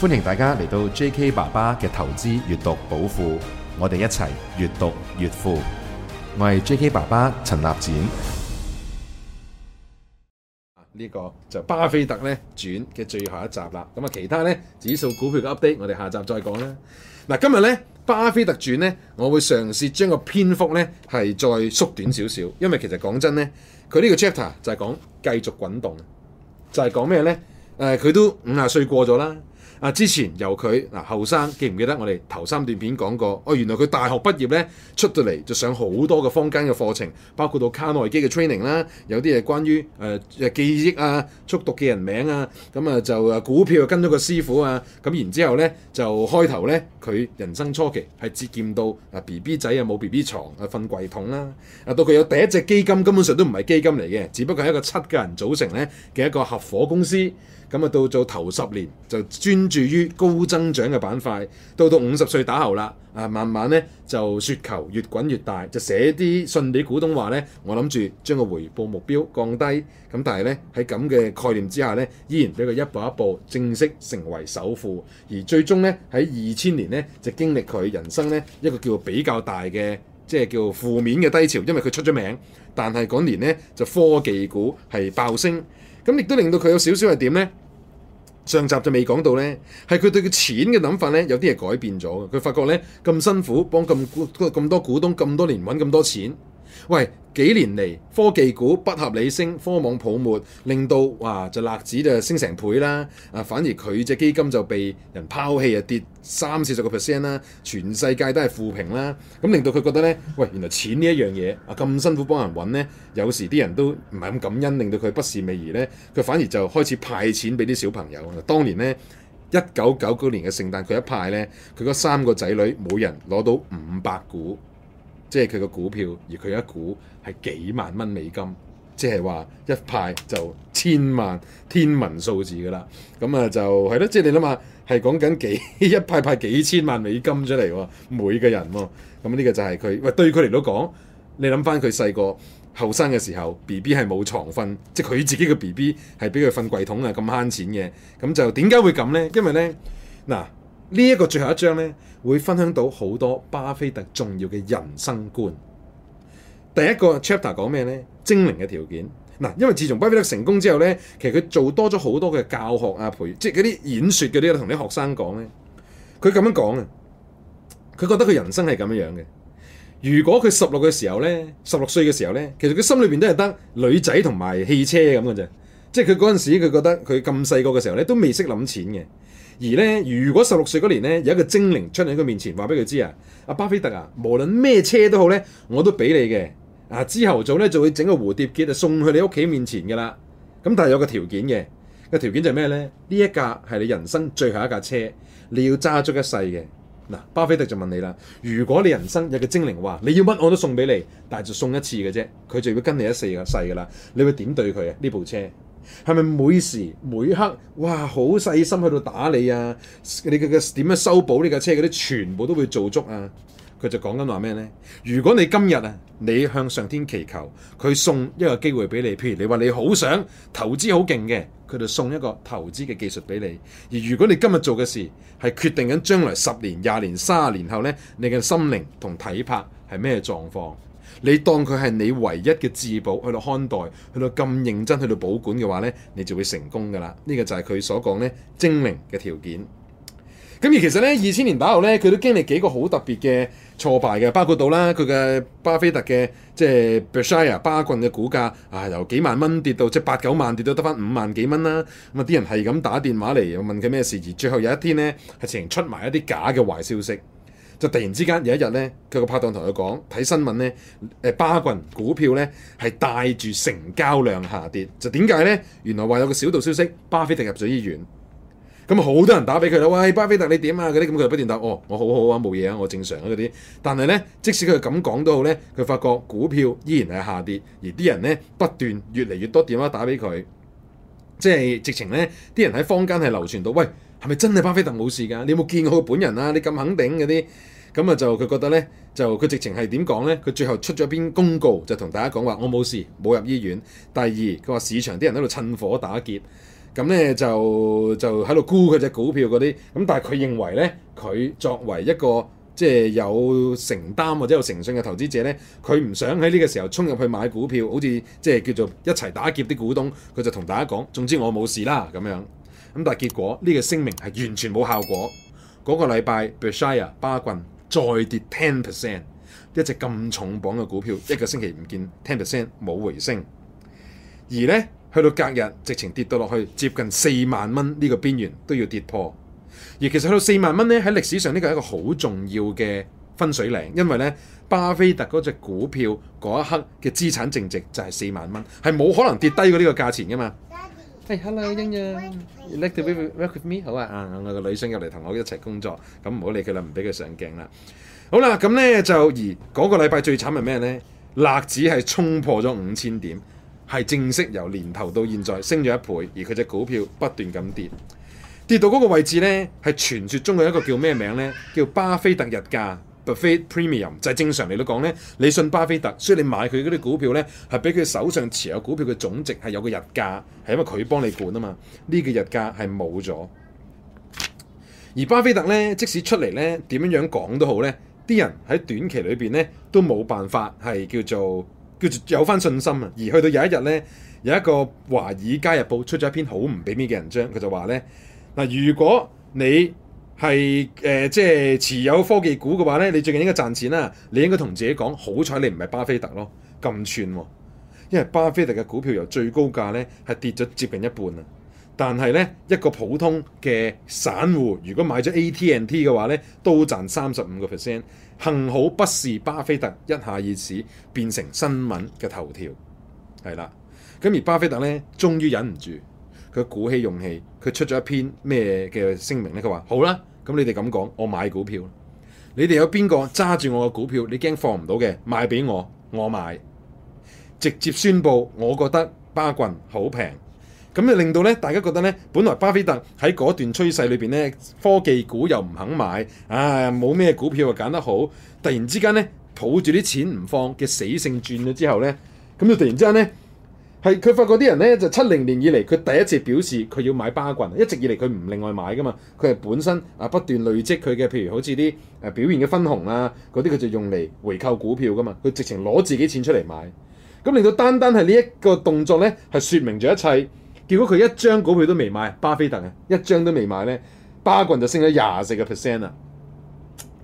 歡迎大家嚟到 J.K. 爸爸嘅投資閱讀寶庫，我哋一齊越讀越富。我係 J.K. 爸爸陳立展。呢個就巴菲特咧轉嘅最後一集啦。咁啊，其他咧指數股票嘅 update，我哋下集再講啦。嗱，今日咧巴菲特轉咧，我會嘗試將個篇幅咧係再縮短少少，因為其實講真咧，佢呢個 chapter 就係講繼續滾動，就係講咩咧？誒、呃，佢都五廿歲過咗啦。啊！之前由佢嗱後生，記唔記得我哋頭三段片講過？哦，原來佢大學畢業咧出到嚟就上好多個坊間嘅課程，包括到卡內基嘅 training 啦，有啲係關於誒、呃、記憶啊、速讀嘅人名啊，咁、嗯、啊就股票跟咗個師傅啊，咁、嗯、然之後咧就開頭咧佢人生初期係節儉到啊 B B 仔啊冇 B B 床、櫃啊瞓櫃桶啦，啊到佢有第一隻基金根本上都唔係基金嚟嘅，只不過係一個七個人組成咧嘅一個合夥公司。咁啊，到做頭十年就專注於高增長嘅板塊，到到五十歲打後啦，啊，慢慢咧就雪球越滾越大，就寫啲信俾股東話咧，我諗住將個回報目標降低，咁但係咧喺咁嘅概念之下咧，依然俾佢一步一步正式成為首富，而最終咧喺二千年咧就經歷佢人生咧一個叫比較大嘅即係叫負面嘅低潮，因為佢出咗名，但係嗰年咧就科技股係爆升。咁亦都令到佢有少少係點咧？上集就未講到咧，係佢對個錢嘅諗法咧，有啲嘢改變咗嘅。佢發覺咧，咁辛苦幫咁咁多股東咁多年揾咁多錢。喂，幾年嚟科技股不合理升，科網泡沫令到哇，就辣子就升成倍啦，啊反而佢隻基金就被人拋棄啊，跌三四十個 percent 啦，全世界都係負評啦，咁令到佢覺得呢，喂原來錢呢一樣嘢啊，咁辛苦幫人揾呢。有時啲人都唔係咁感恩，令到佢不是味兒呢。佢反而就開始派錢俾啲小朋友。當年呢，一九九九年嘅聖誕佢一派呢，佢嗰三個仔女每人攞到五百股。即係佢個股票，而佢一股係幾萬蚊美金，即係話一派就千萬天文數字噶啦。咁啊就係咯，即係你諗下，係講緊幾一派派幾千萬美金出嚟喎，每個人喎。咁呢個就係佢，喂對佢嚟到講，你諗翻佢細個後生嘅時候，B B 係冇床瞓，即係佢自己嘅 B B 係俾佢瞓櫃桶啊咁慳錢嘅。咁就點解會咁咧？因為咧嗱。呢一個最後一章咧，會分享到好多巴菲特重要嘅人生觀。第一個 chapter 講咩咧？精明嘅條件嗱，因為自從巴菲特成功之後咧，其實佢做多咗好多嘅教學啊、培，即係嗰啲演說嘅啲咧，同啲學生講咧，佢咁樣講啊，佢覺得佢人生係咁樣樣嘅。如果佢十六嘅時候咧，十六歲嘅時候咧，其實佢心裏邊都係得女仔同埋汽車咁嘅啫，即係佢嗰陣時佢覺得佢咁細個嘅時候咧，都未識諗錢嘅。而咧，如果十六歲嗰年咧，有一個精靈出嚟，喺佢面前，話俾佢知啊，阿巴菲特啊，無論咩車都好咧，我都俾你嘅。啊，之後早咧就會整個蝴蝶結就送去你屋企面前㗎啦。咁但係有個條件嘅，個條件就係咩咧？呢一架係你人生最後一架車，你要揸足一世嘅。嗱，巴菲特就問你啦，如果你人生有個精靈話，你要乜我都送俾你，但係就送一次嘅啫，佢就要跟你一世嘅，世㗎啦，你會點對佢啊？呢部車？係咪每時每刻哇好細心去到打你啊？你嘅嘅點樣修補呢架車嗰啲全部都會做足啊？佢就講緊話咩呢？如果你今日啊，你向上天祈求，佢送一個機會俾你。譬如你話你好想投資好勁嘅，佢就送一個投資嘅技術俾你。而如果你今日做嘅事係決定緊將來十年、廿年、三十年後呢，你嘅心靈同體魄係咩狀況？你當佢係你唯一嘅資保，去到看待，去到咁認真，去到保管嘅話呢，你就會成功噶啦。呢、這個就係佢所講嘅精靈嘅條件。咁而其實呢，二千年打後呢，佢都經歷幾個好特別嘅挫敗嘅，包括到啦佢嘅巴菲特嘅即係 Berkshire 巴郡嘅股價啊，由幾萬蚊跌到即係八九萬跌到得返五萬幾蚊啦。咁啊啲人係咁打電話嚟又問佢咩事，而最後有一天呢，係傳出埋一啲假嘅壞消息。就突然之間有一日咧，佢個拍檔同佢講睇新聞咧，誒巴郡股票咧係帶住成交量下跌，就點解咧？原來話有個小道消息，巴菲特入咗醫院，咁好多人打俾佢啦，喂，巴菲特你點啊？嗰啲咁，佢不斷答，哦，我好好啊，冇嘢啊，我正常啊嗰啲。但係咧，即使佢咁講都好咧，佢發覺股票依然係下跌，而啲人咧不斷越嚟越多電話打俾佢，即係直情咧啲人喺坊間係流傳到，喂。係咪真係巴菲特冇事㗎？你有冇見過佢本人啊？你咁肯定嗰啲咁啊，就佢覺得呢，就佢直情係點講呢？佢最後出咗篇公告，就同大家講話：我冇事，冇入醫院。第二，佢話市場啲人喺度趁火打劫，咁呢，就就喺度沽佢隻股票嗰啲。咁但係佢認為呢，佢作為一個即係有承擔或者有誠信嘅投資者呢，佢唔想喺呢個時候衝入去買股票，好似即係叫做一齊打劫啲股東。佢就同大家講：總之我冇事啦咁樣。咁但係結果呢、呢個聲明係完全冇效果。嗰、嗰個禮拜，Berkshire 巴郡再跌10%，一隻咁重磅嘅股票一個星期唔見10%冇回升。而咧去到隔日直情跌到落去接近四萬蚊呢個邊緣都要跌破。而其實去到四萬蚊咧，喺歷史上呢個係一個好重要嘅分水嶺，因為咧巴菲特嗰隻股票嗰一刻嘅資產淨值就係四萬蚊，係冇可能跌低過呢個價錢㗎嘛。hello 英揚，relax with me，好啊，啊，我個女生入嚟同我一齊工作，咁唔好理佢啦，唔俾佢上鏡啦。好啦，咁咧就而嗰個禮拜最慘係咩咧？納指係衝破咗五千點，係正式由年頭到現在升咗一倍，而佢隻股票不斷咁跌，跌到嗰個位置咧係傳説中嘅一個叫咩名咧？叫巴菲特日價。premium 就係正常嚟到講咧，你信巴菲特，所以你買佢嗰啲股票咧，係俾佢手上持有股票嘅總值係有個日價，係因為佢幫你管啊嘛。呢個日價係冇咗，而巴菲特咧，即使出嚟咧點樣樣講都好咧，啲人喺短期裏邊咧，都冇辦法係叫做叫做有翻信心啊。而去到有一日咧，有一個華爾街日報出咗一篇好唔俾面嘅文章，佢就話咧，嗱，如果你係誒、呃，即係持有科技股嘅話咧，你最近應該賺錢啦。你應該同自己講，好彩你唔係巴菲特咯，咁串喎。因為巴菲特嘅股票由最高價咧係跌咗接近一半啊。但係咧一個普通嘅散戶，如果買咗 AT&T 嘅話咧，都賺三十五個 percent。幸好不是巴菲特一下而市變成新聞嘅頭條，係啦。咁而巴菲特咧，終於忍唔住，佢鼓起勇氣，佢出咗一篇咩嘅聲明咧？佢話好啦。咁你哋咁講，我買股票。你哋有邊個揸住我個股票？你驚放唔到嘅，賣俾我，我買。直接宣佈，我覺得巴郡好平。咁就令到咧，大家覺得咧，本來巴菲特喺嗰段趨勢裏邊咧，科技股又唔肯買，啊冇咩股票就揀得好。突然之間咧，抱住啲錢唔放嘅死性轉咗之後咧，咁就突然之間咧。係，佢發覺啲人咧就七零年以嚟，佢第一次表示佢要買巴郡，一直以嚟佢唔另外買噶嘛，佢係本身啊不斷累積佢嘅，譬如好似啲誒表現嘅分紅啦，嗰啲佢就用嚟回購股票噶嘛，佢直情攞自己錢出嚟買。咁令到單單係呢一個動作咧，係說明咗一切。結果佢一張股票都未買，巴菲特啊一張都未買咧，巴郡就升咗廿四個 percent 啦。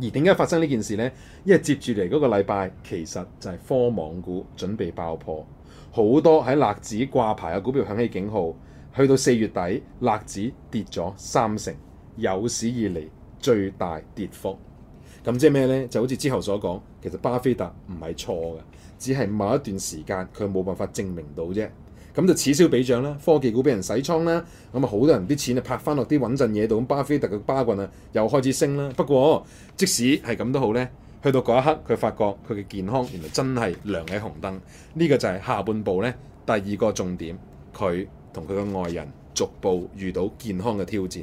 而點解發生呢件事咧？因為接住嚟嗰個禮拜其實就係科網股準備爆破。好多喺納指掛牌嘅股票響起警號，去到四月底，納指跌咗三成，有史以嚟最大跌幅。咁即係咩呢？就好似之後所講，其實巴菲特唔係錯嘅，只係某一段時間佢冇辦法證明到啫。咁就此消彼長啦，科技股俾人洗倉啦，咁啊好多人啲錢啊拍翻落啲穩陣嘢度，咁巴菲特嘅巴棍啊又開始升啦。不過即使係咁都好呢。去到嗰一刻，佢發覺佢嘅健康原來真係亮起紅燈，呢、這個就係下半部咧第二個重點。佢同佢嘅愛人逐步遇到健康嘅挑戰。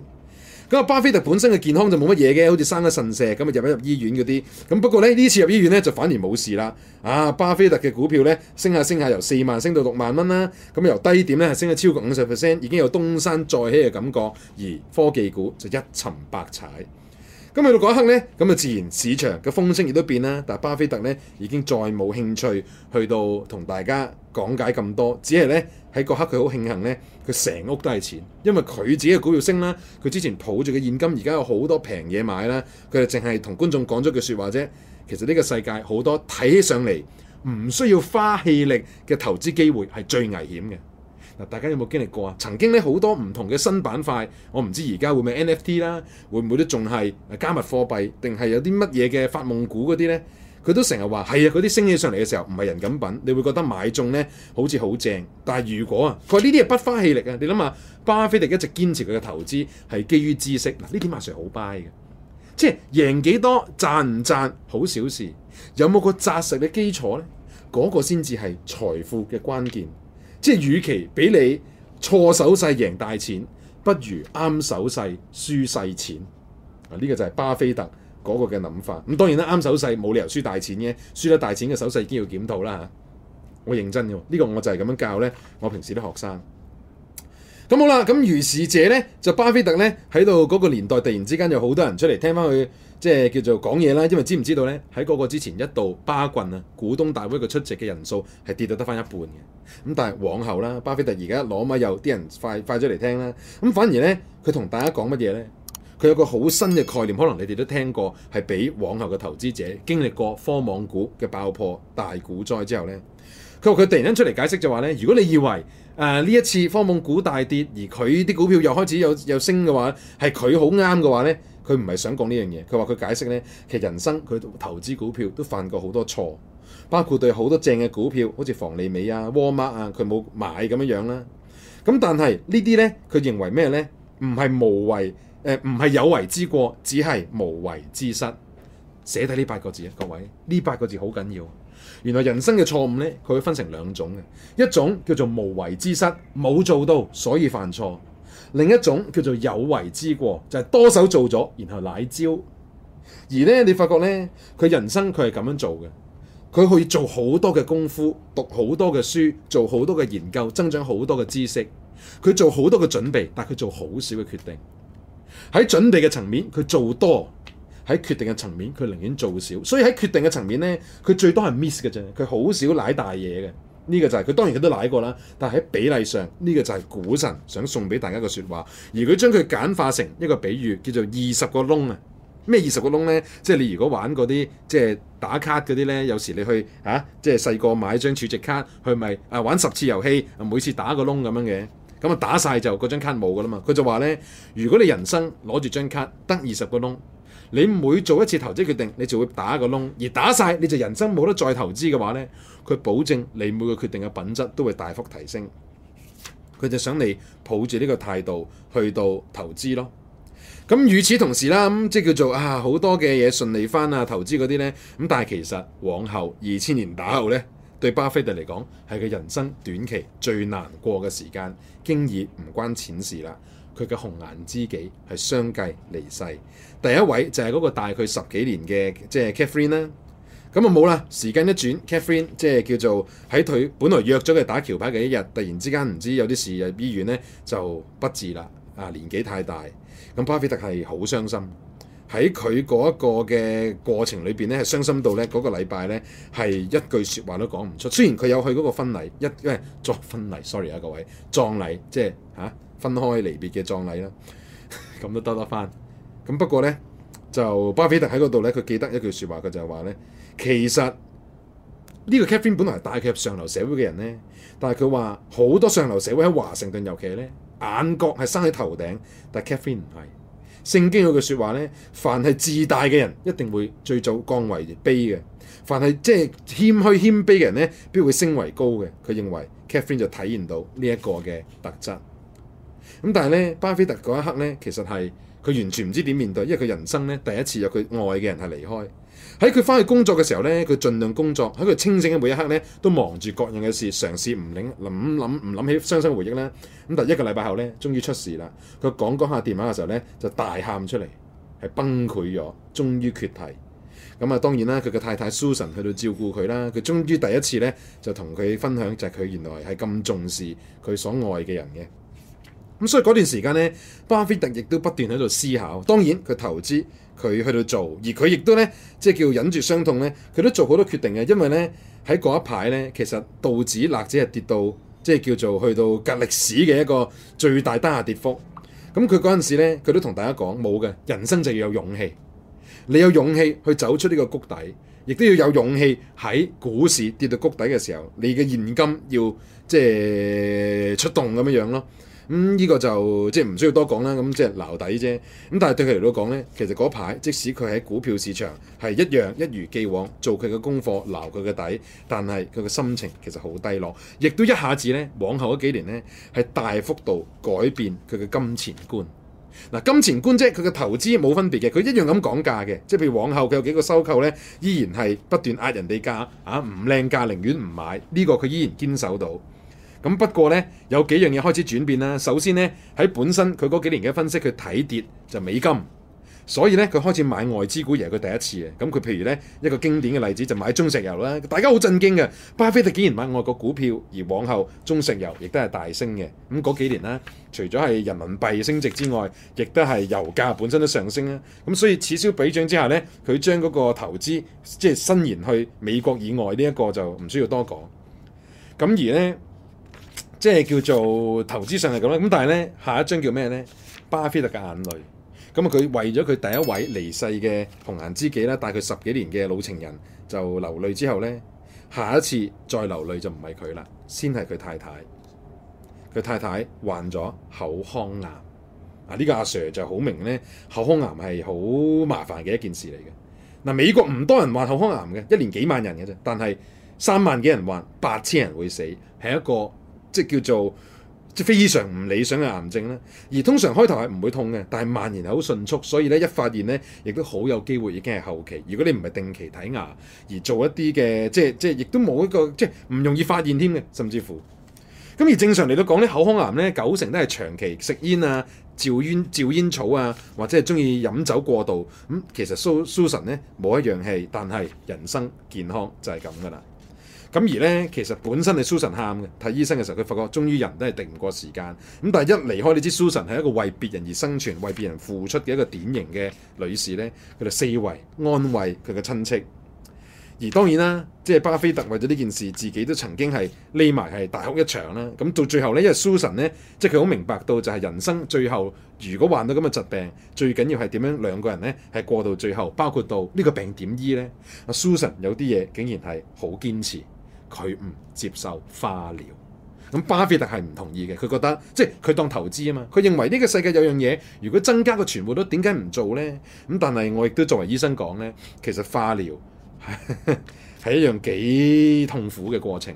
咁啊，巴菲特本身嘅健康就冇乜嘢嘅，好似生咗腎石咁啊入一入醫院嗰啲。咁不過咧，呢次入醫院咧就反而冇事啦。啊，巴菲特嘅股票咧升下升下，由四萬升到六萬蚊啦。咁由低點咧升咗超過五十 percent，已經有東山再起嘅感覺。而科技股就一沉百踩。咁去到嗰一刻呢，咁啊，自然市場嘅風聲亦都變啦。但係巴菲特呢，已經再冇興趣去到同大家講解咁多，只係呢，喺嗰刻佢好慶幸呢，佢成屋都係錢，因為佢自己嘅股票升啦，佢之前抱住嘅現金而家有好多平嘢買啦，佢就淨係同觀眾講咗句說話啫。其實呢個世界好多睇起上嚟唔需要花氣力嘅投資機會係最危險嘅。嗱，大家有冇經歷過啊？曾經咧好多唔同嘅新板塊，我唔知而家會唔會 NFT 啦，會唔會都仲係加密貨幣，定係有啲乜嘢嘅發夢股嗰啲咧？佢都成日話係啊，嗰啲升起上嚟嘅時候唔係人噉品，你會覺得買中咧好似好正。但係如果啊，佢話呢啲係不花氣力啊，你諗下，巴菲特一直堅持佢嘅投資係基於知識。嗱，呢點阿 Sir 好 buy 嘅，即係贏幾多賺唔賺好小事，有冇個紮實嘅基礎咧？嗰個先至係財富嘅關鍵。即係與其俾你錯手勢贏大錢，不如啱手勢輸細錢。啊，呢個就係巴菲特嗰個嘅諗法。咁當然啦，啱手勢冇理由輸大錢嘅，輸得大錢嘅手勢已經要檢討啦嚇。我認真嘅，呢個我就係咁樣教咧，我平時啲學生。咁好啦，咁如是者咧，就巴菲特咧喺度嗰個年代，突然之間有好多人出嚟聽翻佢。即係叫做講嘢啦，因為知唔知道呢，喺嗰個之前一度巴棍郡啊，股東大會佢出席嘅人數係跌到得返一半嘅。咁但係往後啦，巴菲特而家攞乜又啲人快快咗嚟聽啦。咁反而呢，佢同大家講乜嘢呢？佢有個好新嘅概念，可能你哋都聽過，係畀往後嘅投資者經歷過科網股嘅爆破大股災之後呢，佢話佢突然間出嚟解釋就話呢，如果你以為誒呢、呃、一次科網股大跌而佢啲股票又開始有有升嘅話，係佢好啱嘅話呢。」佢唔係想講呢樣嘢，佢話佢解釋呢，其實人生佢投資股票都犯過好多錯，包括對好多正嘅股票，好似房利美啊、沃爾瑪啊，佢冇買咁樣樣啦。咁但係呢啲呢，佢認為咩呢？唔係無為，誒唔係有為之過，只係無為之失。寫低呢八個字啊，各位，呢八個字好緊要。原來人生嘅錯誤呢，佢會分成兩種嘅，一種叫做無為之失，冇做到所以犯錯。另一種叫做有為之過，就係多手做咗，然後賴招。而咧，你發覺咧，佢人生佢係咁樣做嘅。佢可以做好多嘅功夫，讀好多嘅書，做好多嘅研究，增長好多嘅知識。佢做好多嘅準備，但係佢做好少嘅決定。喺準備嘅層面，佢做多；喺決定嘅層面，佢寧願做少。所以喺決定嘅層面咧，佢最多係 miss 嘅啫，佢好少賴大嘢嘅。呢個就係、是、佢當然佢都奶過啦，但係喺比例上呢、呢個就係股神想送俾大家嘅説話。而佢將佢簡化成一個比喻，叫做二十個窿啊。咩二十個窿呢？即係你如果玩嗰啲即係打卡嗰啲呢，有時你去啊，即係細個買張儲值卡，去咪啊玩十次遊戲，每次打個窿咁樣嘅，咁啊打晒，就嗰張卡冇噶啦嘛。佢就話呢，如果你人生攞住張卡得二十個窿。你每做一次投資決定，你就會打個窿，而打晒，你就人生冇得再投資嘅話呢，佢保證你每個決定嘅品質都會大幅提升。佢就想你抱住呢個態度去到投資咯。咁與此同時啦，咁即係叫做啊好多嘅嘢順利翻啊，投資嗰啲呢。咁，但係其實往後二千年打後呢，對巴菲特嚟講係佢人生短期最難過嘅時間，經已唔關錢事啦。佢嘅紅顏知己係相繼離世。第一位就係嗰個大概十幾年嘅，即係 Catherine 啦。咁啊冇啦，時間一轉，Catherine 即係叫做喺佢本來約咗佢打橋牌嘅一日，突然之間唔知有啲事，入醫院咧就不治啦。啊，年紀太大，咁巴菲特係好傷心。喺佢嗰一個嘅過程裏邊咧，係傷心到咧嗰個禮拜咧係一句説話都講唔出。雖然佢有去嗰個婚禮，一即係作婚禮，sorry 啊各位，葬禮即係嚇分開離別嘅葬禮啦，咁都得得翻。咁不過咧，就巴菲特喺嗰度咧，佢記得一句説話，佢就係話咧，其實呢、這個 Catherine 本來係帶佢入上流社會嘅人咧，但係佢話好多上流社會喺華盛頓，尤其咧眼角係生喺頭頂，但係 Catherine 唔係。聖經有句説話咧，凡係自大嘅人一定會最早降為卑嘅，凡係即係謙虛謙卑嘅人咧，必會升為高嘅。佢認為 Catherine 就體現到呢一個嘅特質。咁但係咧，巴菲特嗰一刻咧，其實係。佢完全唔知點面對，因為佢人生咧第一次有佢愛嘅人係離開。喺佢翻去工作嘅時候咧，佢盡量工作，喺佢清醒嘅每一刻咧都忙住各樣嘅事，嘗試唔諗唔諗唔諗起傷心回憶咧。咁但一個禮拜後咧，終於出事啦。佢講講下電話嘅時候咧，就大喊出嚟，係崩潰咗，終於決堤。咁、嗯、啊，當然啦，佢嘅太太 Susan 去到照顧佢啦。佢終於第一次咧就同佢分享，就係佢原來係咁重視佢所愛嘅人嘅。咁所以嗰段時間咧，巴菲特亦都不斷喺度思考。當然佢投資，佢去到做，而佢亦都咧，即係叫忍住傷痛咧，佢都做好多決定嘅。因為咧喺嗰一排咧，其實道指、納指係跌到，即係叫做去到隔歷史嘅一個最大單下跌幅。咁佢嗰陣時咧，佢都同大家講冇嘅，人生就要有勇氣，你有勇氣去走出呢個谷底，亦都要有勇氣喺股市跌到谷底嘅時候，你嘅現金要即係出動咁樣樣咯。咁呢、嗯這個就即係唔需要多講啦，咁即係撈底啫。咁但係對佢嚟到講呢，其實嗰排即使佢喺股票市場係一樣一如既往做佢嘅功課撈佢嘅底，但係佢嘅心情其實好低落，亦都一下子呢，往後嗰幾年呢係大幅度改變佢嘅金錢觀。嗱、啊、金錢觀即係，佢嘅投資冇分別嘅，佢一樣咁講價嘅，即係譬如往後佢有幾個收購呢，依然係不斷壓人哋價啊，唔靚價寧願唔買，呢、這個佢依然堅守到。咁不過咧，有幾樣嘢開始轉變啦。首先咧，喺本身佢嗰幾年嘅分析，佢睇跌就美金，所以咧佢開始買外資股，而係佢第一次嘅。咁佢譬如咧一個經典嘅例子就買中石油啦。大家好震驚嘅，巴菲特竟然買外國股票，而往後中石油亦都係大升嘅。咁嗰幾年啦，除咗係人民幣升值之外，亦都係油價本身都上升啦。咁所以此消彼長之下咧，佢將嗰個投資即係伸延去美國以外呢一個就唔需要多講。咁而咧。即係叫做投資上係咁啦，咁但係咧下一張叫咩咧？巴菲特嘅眼淚，咁啊佢為咗佢第一位離世嘅紅顏知己啦，大概十幾年嘅老情人就流淚之後咧，下一次再流淚就唔係佢啦，先係佢太太。佢太太患咗口腔癌，啊、嗱、呢個阿 Sir 就好明咧，口腔癌係好麻煩嘅一件事嚟嘅。嗱，美國唔多人患口腔癌嘅，一年幾萬人嘅啫，但係三萬幾人患，八千人會死，係一個。即係叫做即係非常唔理想嘅癌症啦，而通常開頭係唔會痛嘅，但係蔓延係好迅速，所以咧一發現咧，亦都好有機會已經係後期。如果你唔係定期睇牙而做一啲嘅，即係即係亦都冇一個即係唔容易發現添嘅，甚至乎咁而正常嚟到講咧，口腔癌咧九成都係長期食煙啊、嚼煙、嚼煙草啊，或者係中意飲酒過度咁。其實蘇蘇神咧冇一樣係，但係人生健康就係咁㗎啦。咁而咧，其實本身係 Susan 喊嘅，睇醫生嘅時候，佢發覺終於人都係定唔過時間。咁但係一離開，你知 Susan 係一個為別人而生存、為別人付出嘅一個典型嘅女士咧。佢就四圍安慰佢嘅親戚。而當然啦，即係巴菲特為咗呢件事，自己都曾經係匿埋係大哭一場啦。咁到最後咧，因為 Susan 咧，即係佢好明白到就係人生最後，如果患到咁嘅疾病，最緊要係點樣兩個人咧係過到最後，包括到呢個病點醫咧。阿 Susan 有啲嘢竟然係好堅持。佢唔接受化療，咁巴菲特係唔同意嘅。佢覺得即係佢當投資啊嘛，佢認為呢個世界有樣嘢，如果增加個存活率，點解唔做呢？咁但係我亦都作為醫生講呢，其實化療係一樣幾痛苦嘅過程。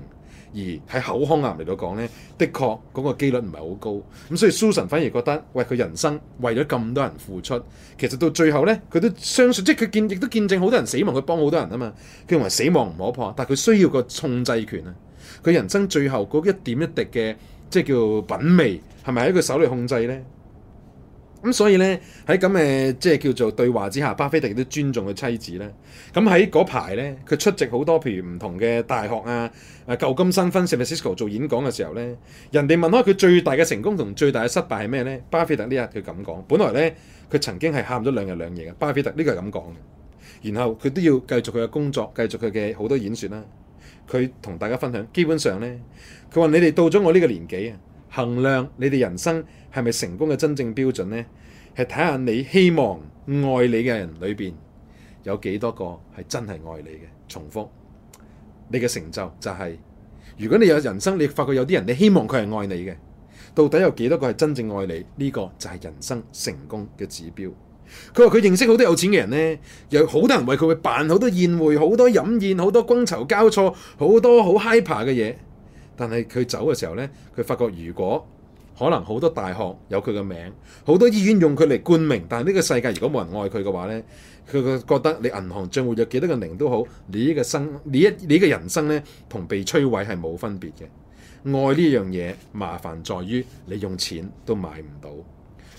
而喺口腔癌嚟到講呢，的確嗰個機率唔係好高，咁所以 Susan 反而覺得，喂，佢人生為咗咁多人付出，其實到最後呢，佢都相信，即係佢見亦都見證好多人死亡，佢幫好多人啊嘛，佢認為死亡唔可怕，但係佢需要個控制權啊，佢人生最後嗰一點一滴嘅即係叫品味，係咪喺佢手裏控制呢？」.咁所以咧喺咁嘅即係叫做對話之下，巴菲特亦都尊重佢妻子咧。咁喺嗰排咧，佢出席好多譬如唔同嘅大學啊、舊金山分校做演講嘅時候咧，人哋問開佢最大嘅成功同最大嘅失敗係咩咧？巴菲特呢日佢咁講，本來咧佢曾經係喊咗兩日兩夜嘅。巴菲特呢個係咁講嘅，然後佢都要繼續佢嘅工作，繼續佢嘅好多演說啦。佢同大家分享，基本上咧，佢話你哋到咗我呢個年紀啊，衡量你哋人生。係咪成功嘅真正標準呢？係睇下你希望愛你嘅人裏邊有幾多個係真係愛你嘅。重複，你嘅成就就係、是、如果你有人生，你發覺有啲人你希望佢係愛你嘅，到底有幾多個係真正愛你？呢、這個就係人生成功嘅指標。佢話佢認識好多有錢嘅人呢，有好多人為佢會辦好多宴會、好多飲宴、好多觥籌交錯、好多好 hyper 嘅嘢，但係佢走嘅時候呢，佢發覺如果可能好多大學有佢嘅名，好多醫院用佢嚟冠名。但係呢個世界如果冇人愛佢嘅話呢，佢會覺得你銀行帳戶有幾多個零都好，你呢個生你一你嘅人生呢，同被摧毀係冇分別嘅。愛呢樣嘢麻煩在於你用錢都買唔到，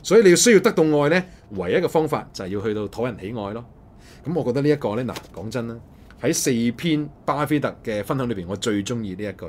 所以你要需要得到愛呢，唯一嘅方法就係要去到討人喜愛咯。咁、嗯、我覺得呢一個呢，嗱，講真啦，喺四篇巴菲特嘅分享裏邊，我最中意呢一句。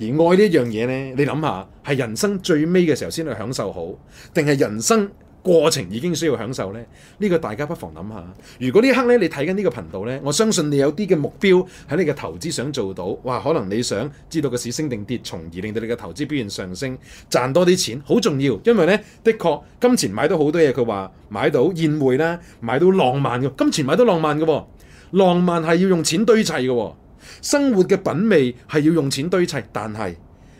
而愛呢一樣嘢呢，你諗下，係人生最尾嘅時候先去享受好，定係人生過程已經需要享受呢？呢個大家不妨諗下。如果呢刻你睇緊呢個頻道呢，我相信你有啲嘅目標喺你嘅投資想做到，哇！可能你想知道個市升定跌，從而令到你嘅投資表現上升，賺多啲錢，好重要。因為呢，的確金錢買到好多嘢，佢話買到宴會啦，買到浪漫嘅，金錢買到浪漫嘅，浪漫係要用錢堆砌嘅。生活嘅品味係要用錢堆砌，但係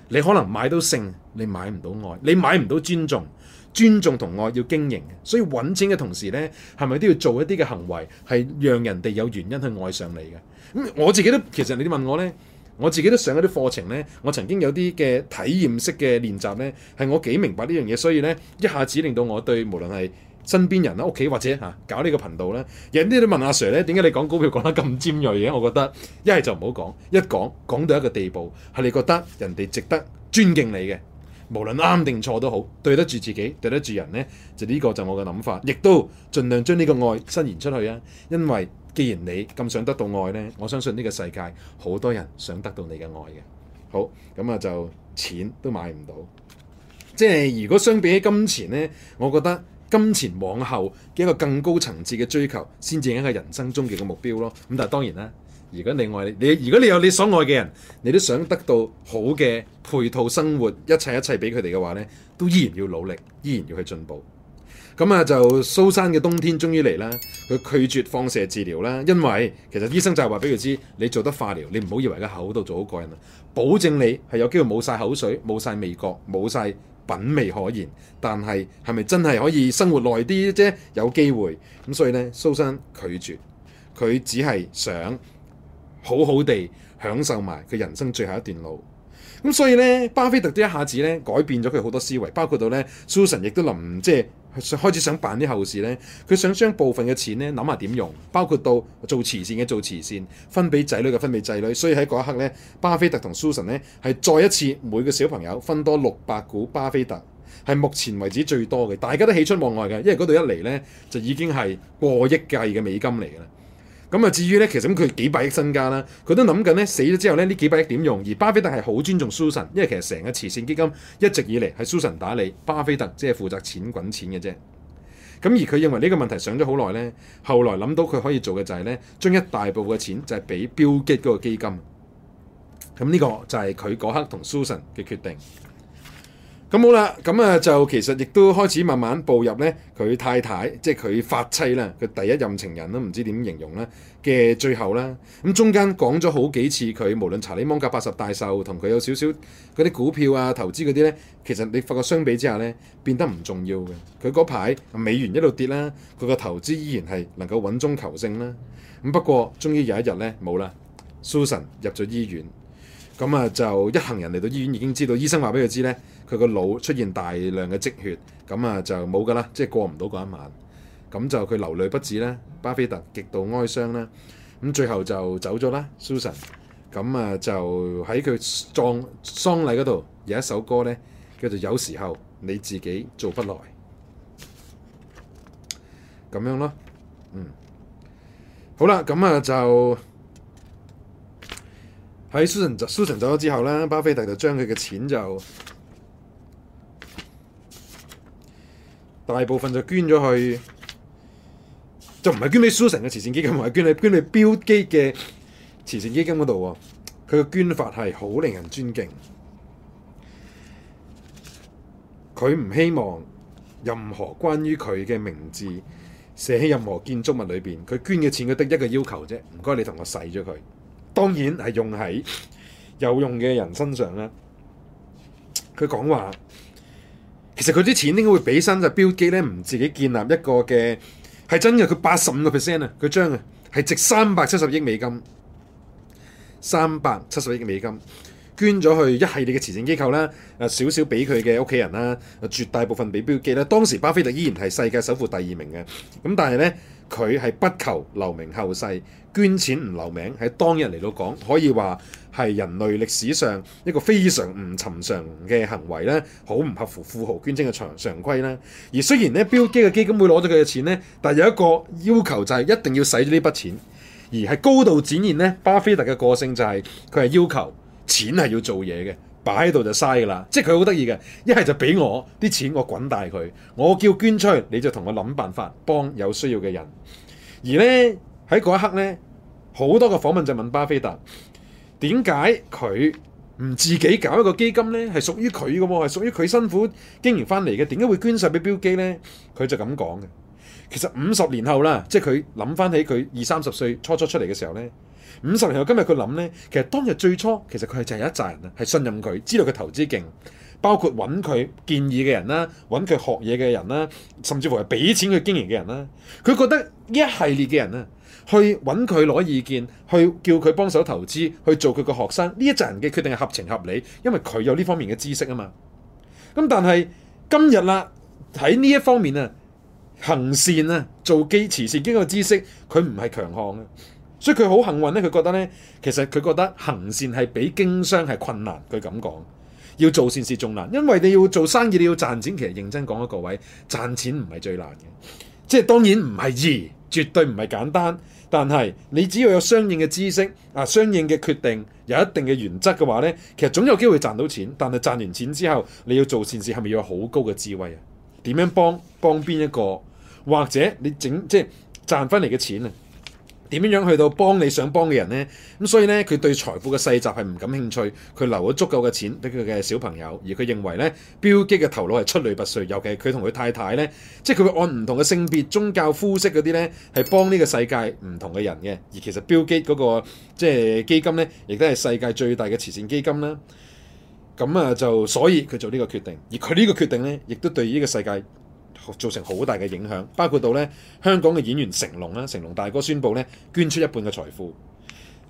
你可能買到性，你買唔到愛，你買唔到尊重。尊重同愛要經營，所以揾錢嘅同時呢，係咪都要做一啲嘅行為，係讓人哋有原因去愛上你嘅？咁我自己都，其實你問我呢，我自己都上一啲課程呢。我曾經有啲嘅體驗式嘅練習呢，係我幾明白呢樣嘢，所以呢，一下子令到我對無論係身邊人啦，屋企或者嚇搞呢個頻道咧，有啲都問阿 Sir 咧，點解你講股票講得咁尖鋭嘅？我覺得一係就唔好講，一講講到一個地步係你覺得人哋值得尊敬你嘅，無論啱定錯都好，對得住自己，對得住人咧，就呢個就我嘅諗法，亦都盡量將呢個愛伸延出去啊！因為既然你咁想得到愛咧，我相信呢個世界好多人想得到你嘅愛嘅。好咁啊，就錢都買唔到，即係如果相比起金錢咧，我覺得。金錢往後嘅一個更高層次嘅追求，先至係一個人生終極嘅目標咯。咁但係當然啦，如果你愛你，你如果你有你所愛嘅人，你都想得到好嘅配套生活，一切一切俾佢哋嘅話呢，都依然要努力，依然要去進步。咁啊，就蘇珊嘅冬天終於嚟啦，佢拒絕放射治療啦，因為其實醫生就係話俾佢知，你做得化療，你唔好以為喺口度做好過癮啊，保證你係有機會冇晒口水、冇晒味覺、冇晒。」品味可言，但係係咪真係可以生活耐啲啫？有機會咁，所以咧，蘇珊拒絕，佢只係想好好地享受埋佢人生最後一段路。咁所以咧，巴菲特都一下子咧改變咗佢好多思維，包括到咧，蘇珊亦都臨即係。開始想辦啲後事咧，佢想將部分嘅錢咧諗下點用，包括到做慈善嘅做慈善，分俾仔女嘅分俾仔女。所以喺嗰一刻咧，巴菲特同 Susan 咧係再一次每個小朋友分多六百股巴菲特，係目前為止最多嘅，大家都喜出望外嘅，因為嗰度一嚟咧就已經係過億計嘅美金嚟嘅啦。咁啊，至於咧，其實佢幾百億身家啦，佢都諗緊咧，死咗之後咧，呢幾百億點用？而巴菲特係好尊重 Susan，因為其實成個慈善基金一直以嚟係 Susan 打理，巴菲特即係負責錢滾錢嘅啫。咁而佢認為呢個問題上咗好耐咧，後來諗到佢可以做嘅就係、是、咧，將一大部分嘅錢就係俾 Bill Gates 嗰個基金。咁、這、呢個就係佢嗰刻同 Susan 嘅決定。咁好啦，咁啊就其實亦都開始慢慢步入咧佢太太，即係佢發妻啦，佢第一任情人啦，唔知點形容啦。嘅最後啦。咁中間講咗好幾次佢，無論查理芒格八十大壽同佢有少少嗰啲股票啊投資嗰啲咧，其實你發覺相比之下咧變得唔重要嘅。佢嗰排美元一路跌啦，佢個投資依然係能夠穩中求勝啦。咁不過終於有一日咧冇啦，Susan 入咗醫院。咁啊，就一行人嚟到醫院已經知道，醫生話俾佢知咧，佢個腦出現大量嘅積血，咁啊就冇㗎啦，即係過唔到嗰一晚。咁就佢流淚不止啦，巴菲特極度哀傷啦。咁最後就走咗啦，Susan。咁啊就喺佢葬喪禮嗰度有一首歌咧，叫做《有時候你自己做不來》。咁樣咯，嗯。好啦，咁啊就。喺 Susan 走 Susan 走咗之後咧，巴菲特就將佢嘅錢就大部分就捐咗去，就唔係捐俾 Susan 嘅慈善基金，係捐去捐去 Bill Gates 嘅慈善基金嗰度喎。佢嘅捐法係好令人尊敬。佢唔希望任何關於佢嘅名字寫喺任何建築物裏邊。佢捐嘅錢，佢得一個要求啫，唔該你同我洗咗佢。當然係用喺有用嘅人身上啦。佢講話，其實佢啲錢應該會俾身嘅標記咧，唔 自己建立一個嘅係真嘅。佢八十五個 percent 啊，佢將啊，係值三百七十億美金，三百七十億美金。捐咗去一系列嘅慈善機構啦，誒少少俾佢嘅屋企人啦，絕大部分俾標記啦。當時巴菲特依然係世界首富第二名嘅，咁但係呢，佢係不求留名後世，捐錢唔留名。喺當日嚟到講，可以話係人類歷史上一個非常唔尋常嘅行為啦，好唔合乎富豪捐精嘅常常規啦。而雖然呢標記嘅基金會攞咗佢嘅錢呢，但係有一個要求就係一定要使咗呢筆錢，而係高度展現呢，巴菲特嘅個性就係佢係要求。錢係要做嘢嘅，擺喺度就嘥噶啦。即係佢好得意嘅，一係就俾我啲錢，我滾大佢。我叫捐出去，你就同我諗辦法幫有需要嘅人。而呢，喺嗰一刻呢，好多個訪問就問巴菲特「點解佢唔自己搞一個基金呢？係屬於佢嘅喎，係屬於佢辛苦經營翻嚟嘅，點解會捐晒俾標機呢？」佢就咁講嘅。其實五十年後啦，即係佢諗翻起佢二三十歲初初出嚟嘅時候呢。五十年後，今日佢諗呢，其實當日最初其實佢係就係一紮人啊，係信任佢，知道佢投資勁，包括揾佢建議嘅人啦，揾佢學嘢嘅人啦，甚至乎係俾錢佢經營嘅人啦。佢覺得呢一系列嘅人啦，去揾佢攞意見，去叫佢幫手投資，去做佢嘅學生。呢一紮人嘅決定係合情合理，因為佢有呢方面嘅知識啊嘛。咁但係今日啦，喺呢一方面啊，行善啊，做基慈善，呢個知識佢唔係強項啊。所以佢好幸運咧，佢覺得咧，其實佢覺得行善係比經商係困難。佢咁講，要做善事仲難，因為你要做生意，你要賺錢。其實認真講，各位賺錢唔係最難嘅，即係當然唔係易，絕對唔係簡單。但係你只要有相應嘅知識啊、相應嘅決定、有一定嘅原則嘅話咧，其實總有機會賺到錢。但係賺完錢之後，你要做善事係咪要有好高嘅智慧啊？點樣幫幫邊一個？或者你整即係賺翻嚟嘅錢啊？點樣去到幫你想幫嘅人呢？咁所以呢，佢對財富嘅世襲係唔感興趣，佢留咗足夠嘅錢俾佢嘅小朋友，而佢認為呢，Bill Gates 嘅頭腦係出類拔萃，尤其係佢同佢太太呢，即係佢會按唔同嘅性別、宗教、膚色嗰啲呢，係幫呢個世界唔同嘅人嘅。而其實 Bill Gates 嗰、那個即係、就是、基金呢，亦都係世界最大嘅慈善基金啦。咁啊，就所以佢做呢個決定，而佢呢個決定呢，亦都對呢個世界造成好大嘅影響，包括到咧香港嘅演員成龍啦，成龍大哥宣布咧捐出一半嘅財富，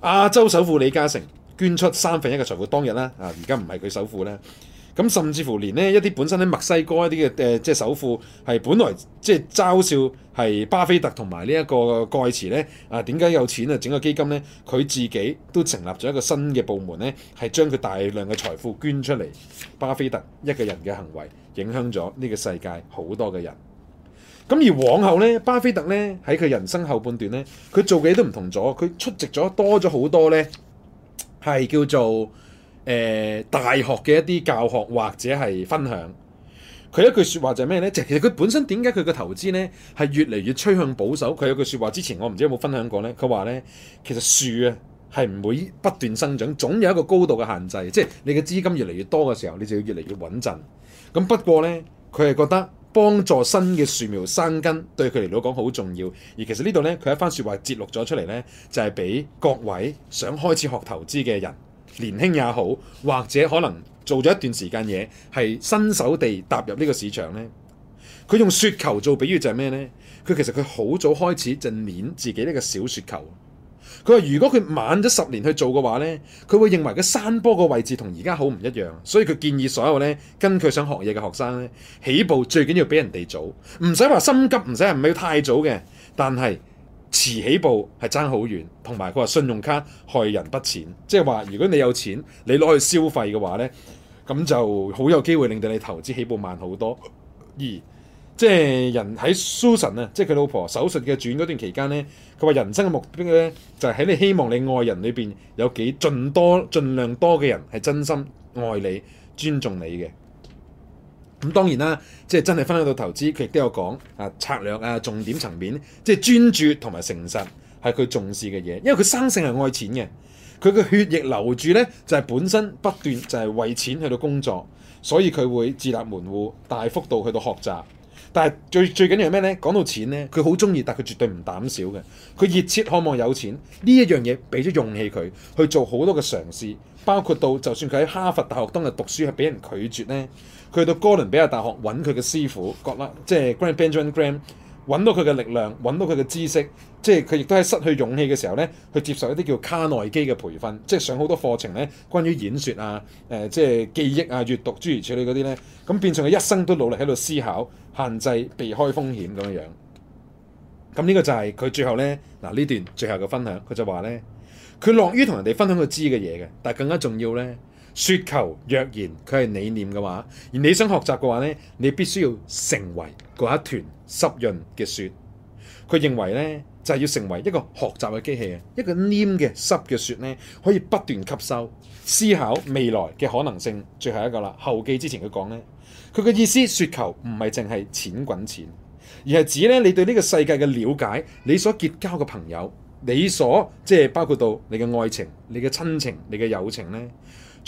亞洲首富李嘉誠捐出三分一嘅財富。當日啦，啊而家唔係佢首富咧。咁甚至乎連呢一啲本身咧墨西哥一啲嘅，誒，即係首富係本來，即係嘲笑係巴菲特同埋呢一個蓋茨咧，啊，點解有錢啊？整個基金咧，佢自己都成立咗一個新嘅部門咧，係將佢大量嘅財富捐出嚟。巴菲特一個人嘅行為影響咗呢個世界好多嘅人。咁而往後咧，巴菲特咧，喺佢人生後半段咧，佢做嘅嘢都唔同咗，佢出席咗多咗好多咧，係叫做。誒、呃、大學嘅一啲教學或者係分享，佢一句説話就係咩呢？就其實佢本身點解佢嘅投資呢係越嚟越趨向保守？佢有句説話，之前我唔知有冇分享過呢，佢話呢，其實樹啊係唔會不斷生長，總有一個高度嘅限制。即係你嘅資金越嚟越多嘅時候，你就要越嚟越穩陣。咁不過呢，佢係覺得幫助新嘅樹苗生根對佢嚟到講好重要。而其實呢度呢，佢一番説話截錄咗出嚟呢，就係俾各位想開始學投資嘅人。年輕也好，或者可能做咗一段時間嘢，係新手地踏入呢個市場呢。佢用雪球做比喻就係咩呢？佢其實佢好早開始就捻自己呢個小雪球。佢話如果佢晚咗十年去做嘅話呢，佢會認為個山坡個位置同而家好唔一樣，所以佢建議所有呢，跟佢想學嘢嘅學生呢，起步最緊要俾人哋早，唔使話心急，唔使話唔係要太早嘅，但係。遲起步係爭好遠，同埋佢話信用卡害人不淺，即係話如果你有錢，你攞去消費嘅話咧，咁就好有機會令到你投資起步慢好多。二即係人喺 Susan 啊，即係佢老婆手術嘅住院嗰段期間咧，佢話人生嘅目標咧就係喺你希望你愛人裏邊有幾盡多、儘量多嘅人係真心愛你、尊重你嘅。咁當然啦，即係真係分享到投資，佢亦都有講啊策略啊重點層面，即係專注同埋誠實係佢重視嘅嘢，因為佢生性係愛錢嘅，佢嘅血液流住咧就係本身不斷就係為錢去到工作，所以佢會自立門戶，大幅度去到學習。但係最最緊要係咩咧？講到錢咧，佢好中意，但佢絕對唔膽小嘅。佢熱切渴望有錢呢一樣嘢，俾咗勇氣佢去做好多嘅嘗試，包括到就算佢喺哈佛大學當日讀書係俾人拒絕咧，佢去到哥倫比亞大學揾佢嘅師傅，覺得即係 Benjamin Graham。揾到佢嘅力量，揾到佢嘅知識，即係佢亦都喺失去勇氣嘅時候咧，去接受一啲叫卡內基嘅培訓，即係上好多課程咧，關於演說啊、誒、呃、即係記憶啊、閱讀、諸如此類嗰啲咧，咁變成佢一生都努力喺度思考、限制、避開風險咁樣樣。咁呢個就係佢最後咧嗱呢、啊、呢段最後嘅分享，佢就話咧，佢樂於同人哋分享佢知嘅嘢嘅，但係更加重要咧，雪球若然佢係理念嘅話，而你想學習嘅話咧，你必須要成為嗰一團，濕潤嘅雪，佢認為呢就係要成為一個學習嘅機器啊！一個黏嘅濕嘅雪呢，可以不斷吸收思考，未來嘅可能性。最後一個啦，後記之前佢講呢，佢嘅意思雪球唔係淨係錢滾錢，而係指呢，你對呢個世界嘅了解，你所結交嘅朋友，你所即係包括到你嘅愛情、你嘅親情、你嘅友情呢。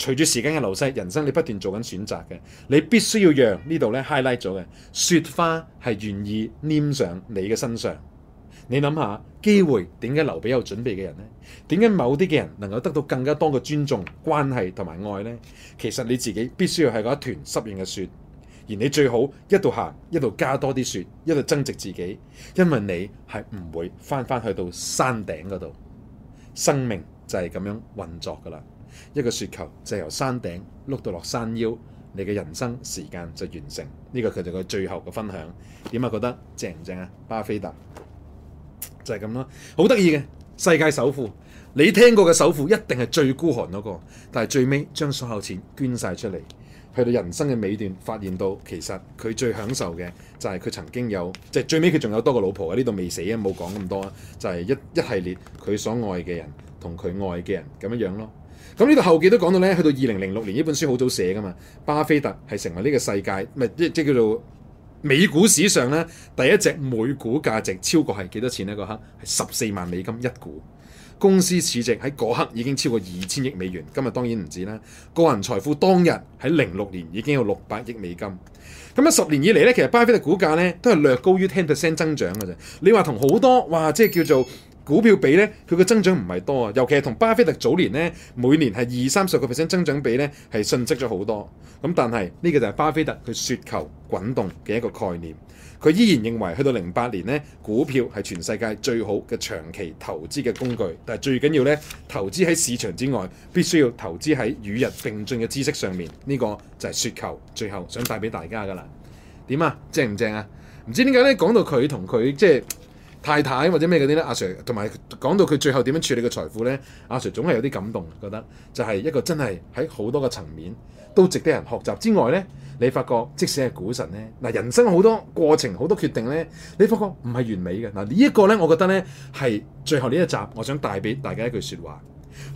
隨住時間嘅流逝，人生你不斷做緊選擇嘅，你必須要讓呢度咧 highlight 咗嘅雪花係願意黏上你嘅身上。你諗下，機會點解留俾有準備嘅人呢？點解某啲嘅人能夠得到更加多嘅尊重、關係同埋愛呢？其實你自己必須要係嗰一團濕潤嘅雪，而你最好一度行，一度加多啲雪，一度增值自己，因為你係唔會翻翻去到山頂嗰度。生命就係咁樣運作噶啦。一個雪球就由山頂碌到落山腰，你嘅人生時間就完成。呢個佢哋嘅最後嘅分享，點啊覺得正唔正啊？巴菲特就係咁咯，好得意嘅世界首富。你聽過嘅首富一定係最孤寒嗰個，但係最尾將所有錢捐晒出嚟，去到人生嘅尾段，發現到其實佢最享受嘅就係佢曾經有，即係最尾佢仲有多個老婆喺呢度未死啊，冇講咁多啊，就係一一系列佢所愛嘅人同佢愛嘅人咁樣樣咯。咁呢個後記都講到咧，去到二零零六年呢本書好早寫噶嘛，巴菲特係成為呢個世界即即叫做美股史上咧第一隻每股價值超過係幾多錢呢個刻？係十四萬美金一股，公司市值喺嗰刻已經超過二千億美元。今日當然唔止啦，個人財富當日喺零六年已經有六百億美金。咁啊十年以嚟咧，其實巴菲特股價咧都係略高於10%增長嘅啫。你話同好多哇，即叫做～股票比咧，佢嘅增長唔係多啊，尤其係同巴菲特早年咧，每年係二三十個 percent 增長比咧，係遜色咗好多。咁但係呢、這個就係巴菲特佢雪球滾動嘅一個概念。佢依然認為去到零八年咧，股票係全世界最好嘅長期投資嘅工具。但係最緊要咧，投資喺市場之外，必須要投資喺與日並進嘅知識上面。呢、這個就係雪球最後想帶俾大家㗎喇。點啊？正唔正啊？唔知點解咧，講到佢同佢即係。太太或者咩嗰啲咧，阿、啊、Sir 同埋講到佢最後點樣處理個財富咧，阿、啊、Sir 總係有啲感動，覺得就係一個真係喺好多個層面都值得人學習之外咧，你發覺即使係股神咧，嗱人生好多過程好多決定咧，你發覺唔係完美嘅嗱、啊這個、呢一個咧，我覺得咧係最後呢一集，我想帶俾大家一句說話。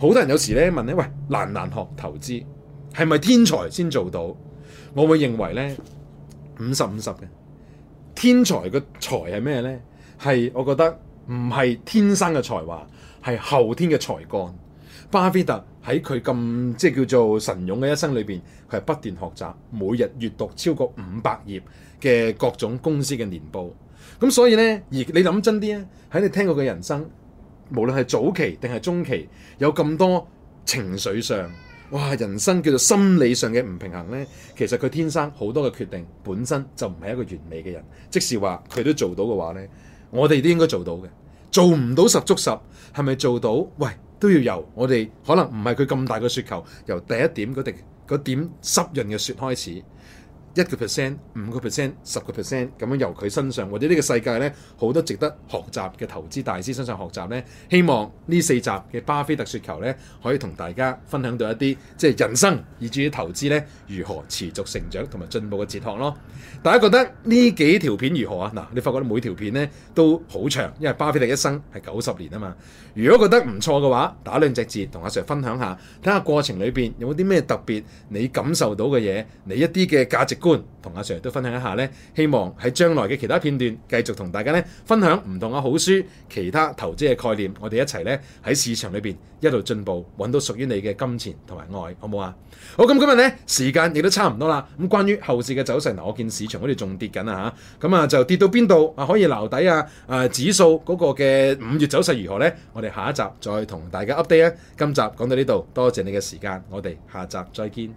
好多人有時咧問咧，喂難唔難學投資，係咪天才先做到？我會認為咧五十五十嘅天才嘅才係咩咧？係，我覺得唔係天生嘅才華，係後天嘅才幹。巴菲特喺佢咁即係叫做神勇嘅一生裏邊，佢係不斷學習，每日閱讀超過五百頁嘅各種公司嘅年報。咁所以呢，而你諗真啲啊，喺你聽過嘅人生，無論係早期定係中期，有咁多情緒上，哇，人生叫做心理上嘅唔平衡呢，其實佢天生好多嘅決定本身就唔係一個完美嘅人，即使話佢都做到嘅話呢。我哋都應該做到嘅，做唔到十足十，係咪做到？喂，都要由我哋可能唔係佢咁大個雪球，由第一點嗰滴嗰點濕潤嘅雪開始。一個 percent、五個 percent、十個 percent 咁樣由佢身上，或者呢個世界呢，好多值得學習嘅投資大師身上學習呢。希望呢四集嘅巴菲特雪球呢，可以同大家分享到一啲即係人生以至於投資呢，如何持續成長同埋進步嘅哲學咯。大家覺得呢幾條片如何啊？嗱，你發覺得每條片呢，都好長，因為巴菲特一生係九十年啊嘛。如果覺得唔錯嘅話，打兩隻字同阿 Sir 分享下，睇下過程裏面有冇啲咩特別你感受到嘅嘢，你一啲嘅價值。同阿 Sir 都分享一下呢，希望喺將來嘅其他片段繼續同大家呢分享唔同嘅好書、其他投資嘅概念，我哋一齊呢喺市場裏邊一路進步，揾到屬於你嘅金錢同埋愛，好唔好啊？好，咁今日呢時間亦都差唔多啦。咁關於後市嘅走勢，嗱，我見市場好似仲跌緊啊吓，咁啊就跌到邊度啊？可以留底啊？誒、呃，指數嗰個嘅五月走勢如何呢？我哋下一集再同大家 update 啊。今集講到呢度，多謝你嘅時間，我哋下集再見。